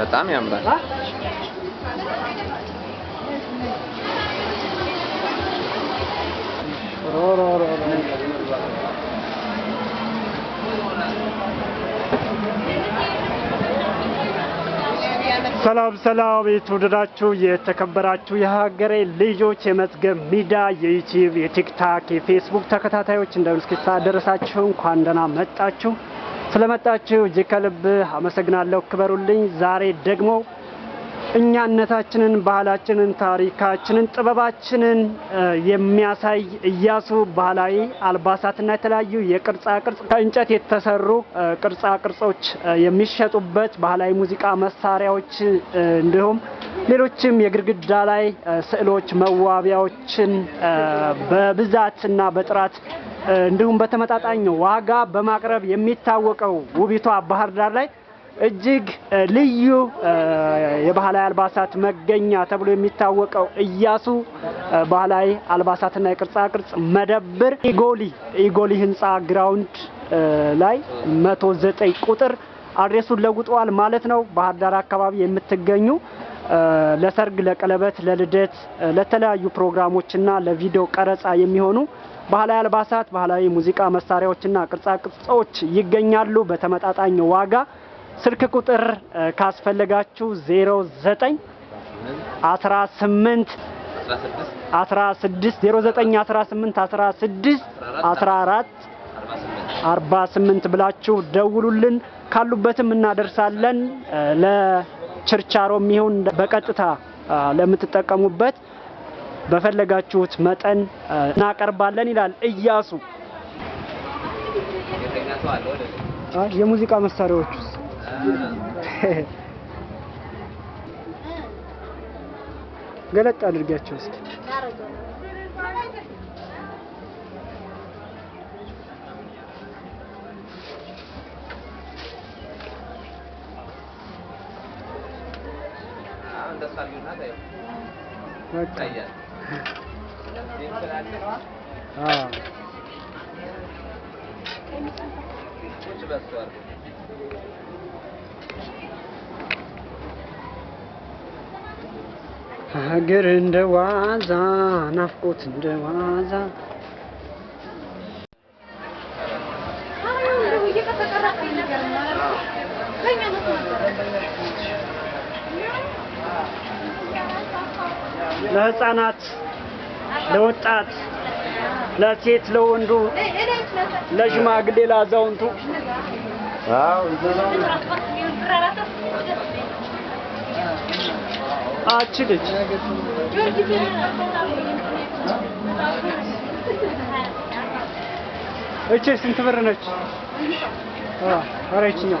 በጣም ያምራል። ሰላም ሰላም፣ የተወደዳችሁ የተከበራችሁ የሀገሬ ልጆች የመዝገብ ሚዲያ የዩቲዩብ፣ የቲክታክ፣ የፌስቡክ ተከታታዮች እንደምን እስኪ ደረሳችሁ። እንኳን ደህና መጣችሁ። ስለመጣችሁ እጅግ ከልብ አመሰግናለሁ። ክበሩልኝ። ዛሬ ደግሞ እኛነታችንን፣ ባህላችንን፣ ታሪካችንን፣ ጥበባችንን የሚያሳይ እያሱ ባህላዊ አልባሳትና የተለያዩ የቅርጻ ቅርጽ ከእንጨት የተሰሩ ቅርጻ ቅርጾች የሚሸጡበት ባህላዊ ሙዚቃ መሳሪያዎች፣ እንዲሁም ሌሎችም የግድግዳ ላይ ስዕሎች፣ መዋቢያዎችን በብዛትና በጥራት እንዲሁም በተመጣጣኝ ዋጋ በማቅረብ የሚታወቀው ውቢቷ ባህር ዳር ላይ እጅግ ልዩ የባህላዊ አልባሳት መገኛ ተብሎ የሚታወቀው እያሱ ባህላዊ አልባሳትና የቅርጻ ቅርጽ መደብር ኢጎሊ ኢጎሊ ህንፃ ግራውንድ ላይ መቶ ዘጠኝ ቁጥር አድሬሱን ለውጠዋል ማለት ነው። ባህር ዳር አካባቢ የምትገኙ ለሰርግ፣ ለቀለበት፣ ለልደት፣ ለተለያዩ ፕሮግራሞችና ለቪዲዮ ቀረጻ የሚሆኑ ባህላዊ አልባሳት፣ ባህላዊ ሙዚቃ መሳሪያዎችና ቅርጻቅርጾች ይገኛሉ በተመጣጣኝ ዋጋ። ስልክ ቁጥር ካስፈለጋችሁ 09 18 16 09 18 16 14 48 ብላችሁ ደውሉልን፣ ካሉበትም እናደርሳለን። ችርቻሮ የሚሆን በቀጥታ ለምትጠቀሙበት በፈለጋችሁት መጠን እናቀርባለን ይላል እያሱ። የሙዚቃ መሳሪያዎች ገለጥ አድርጊያቸው እስኪ እንደሱ አድርጊውና ሀገር እንደ ዋዛ ናፍቆት እንደ ዋዛ ለህፃናት፣ ለወጣት፣ ለሴት፣ ለወንዱ፣ ለሽማግሌ፣ ላዛውንቱ አችልች እች ስንት ብር ነች? አረ ይችኛው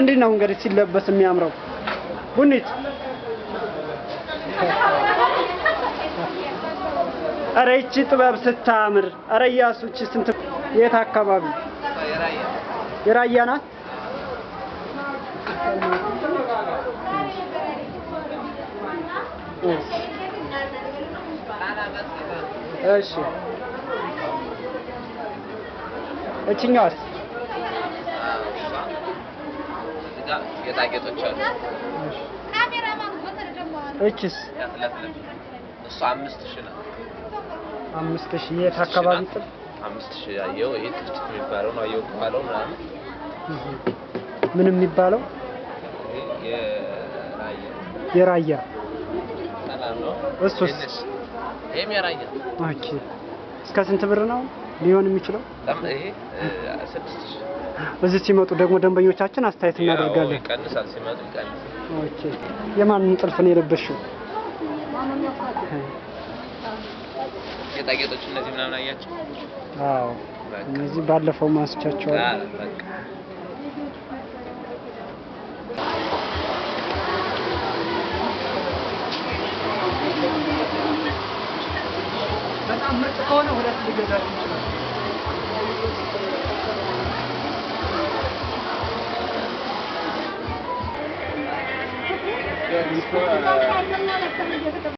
እንዴት ነው እንግዲህ ሲለበስ የሚያምረው ቡኒት? አረ ይቺ ጥበብ ስታምር! አረ እያሱ እቺ ስንት የት አካባቢ የራያ ናት? እሺ እችኛዋስ ጌጣጌጦች አሉ። እቺስ እሱ አምስት ሺህ ነው። አምስት ሺህ የት አካባቢ ጥል? አምስት ሺህ ያየው ይሄ ጥፍጥፍ የሚባለው ነው። አየው ባለው ምናምን ምን የሚባለው የራያ እሱስ ይሄም የራያ ኦኬ። እስከ ስንት ብር ነው? ሊሆን የሚችለው እዚህ ሲመጡ ደግሞ ደንበኞቻችን አስተያየት እናደርጋለን። የማንን ጥልፍ ነው የለበሽው? ጌጣጌጦች እነዚህ ምናምን አያቸው? አዎ፣ እነዚህ ባለፈው ማንስቻቸዋል። በጣም ምርጥ ከሆነ ሁለት ልገዛል። இப்போ